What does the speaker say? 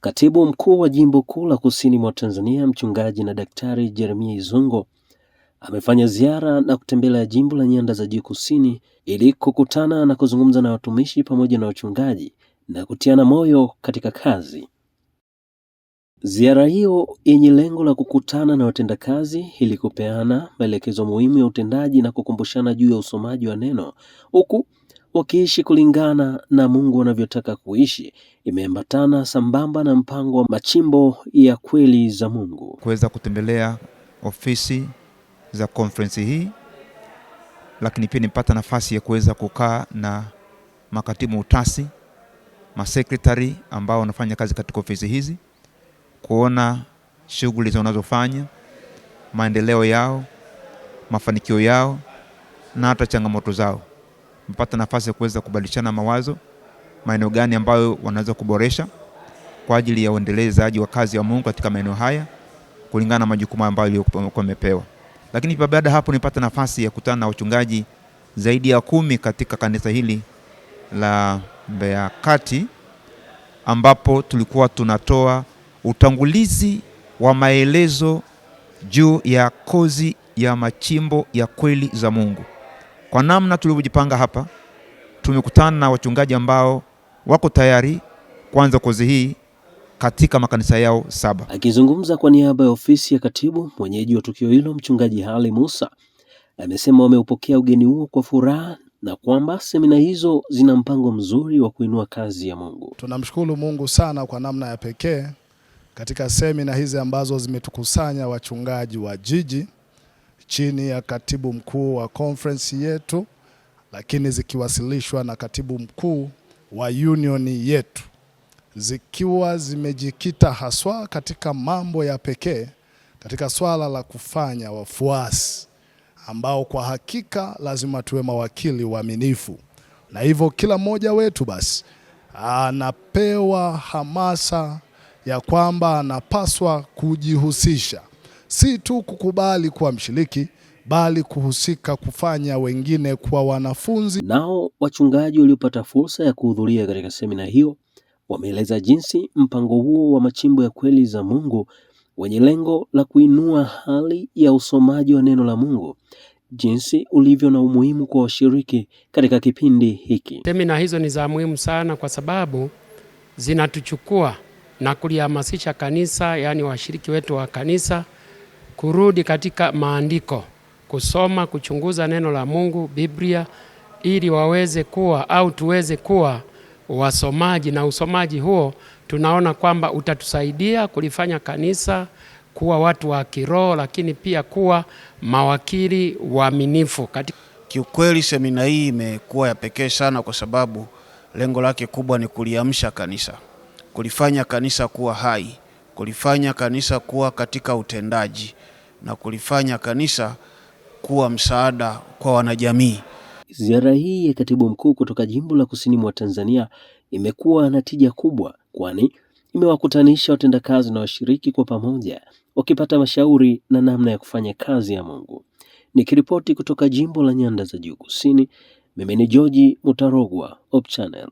Katibu mkuu wa jimbo kuu la kusini mwa Tanzania, mchungaji na daktari Jeremia izungo amefanya ziara na kutembelea jimbo la nyanda za juu kusini ili kukutana na kuzungumza na watumishi pamoja na wachungaji na kutiana moyo katika kazi. Ziara hiyo yenye lengo la kukutana na watendakazi ili kupeana maelekezo muhimu ya utendaji na kukumbushana juu ya usomaji wa neno huku wakiishi kulingana na Mungu wanavyotaka kuishi, imeambatana sambamba na mpango wa machimbo ya kweli za Mungu. Kuweza kutembelea ofisi za konferensi hii, lakini pia nimepata nafasi ya kuweza kukaa na makatibu utasi, masekretari ambao wanafanya kazi katika ofisi hizi, kuona shughuli zinazofanya maendeleo yao, mafanikio yao na hata changamoto zao mpata nafasi ya kuweza kubadilishana mawazo, maeneo gani ambayo wanaweza kuboresha kwa ajili ya uendelezaji wa kazi ya Mungu katika maeneo haya kulingana na majukumu ambayo yamepewa. Lakini baada hapo nipata nafasi ya kutana na wachungaji zaidi ya kumi katika kanisa hili la Mbeya Kati, ambapo tulikuwa tunatoa utangulizi wa maelezo juu ya kozi ya machimbo ya kweli za Mungu. Kwa namna tulivyojipanga hapa, tumekutana na wachungaji ambao wako tayari kuanza kozi hii katika makanisa yao saba. Akizungumza kwa niaba ya ofisi ya katibu mwenyeji wa tukio hilo, mchungaji Hali Musa amesema wameupokea ugeni huo kwa furaha na kwamba semina hizo zina mpango mzuri wa kuinua kazi ya Mungu. Tunamshukuru Mungu sana kwa namna ya pekee katika semina hizi ambazo zimetukusanya wachungaji wa jiji chini ya katibu mkuu wa conference yetu, lakini zikiwasilishwa na katibu mkuu wa union yetu, zikiwa zimejikita haswa katika mambo ya pekee katika swala la kufanya wafuasi ambao kwa hakika lazima tuwe mawakili waaminifu, na hivyo kila mmoja wetu basi anapewa hamasa ya kwamba anapaswa kujihusisha si tu kukubali kuwa mshiriki bali kuhusika kufanya wengine kwa wanafunzi. Nao wachungaji waliopata fursa ya kuhudhuria katika semina hiyo wameeleza jinsi mpango huo wa machimbo ya kweli za Mungu wenye lengo la kuinua hali ya usomaji wa neno la Mungu jinsi ulivyo na umuhimu kwa washiriki katika kipindi hiki. Semina hizo ni za muhimu sana kwa sababu zinatuchukua na kulihamasisha kanisa, yaani washiriki wetu wa kanisa kurudi katika maandiko, kusoma, kuchunguza neno la Mungu, Biblia, ili waweze kuwa au tuweze kuwa wasomaji, na usomaji huo tunaona kwamba utatusaidia kulifanya kanisa kuwa watu wa kiroho, lakini pia kuwa mawakili waaminifu katika Kiukweli semina hii imekuwa ya pekee sana kwa sababu lengo lake kubwa ni kuliamsha kanisa, kulifanya kanisa kuwa hai, kulifanya kanisa kuwa katika utendaji na kulifanya kanisa kuwa msaada kwa wanajamii. Ziara hii ya katibu mkuu kutoka jimbo la kusini mwa Tanzania imekuwa na tija kubwa, kwani imewakutanisha watendakazi na washiriki kwa pamoja, wakipata mashauri na namna ya kufanya kazi ya Mungu. Nikiripoti kutoka jimbo la Nyanda za Juu Kusini, mimi ni George Mutarogwa, Hope Channel.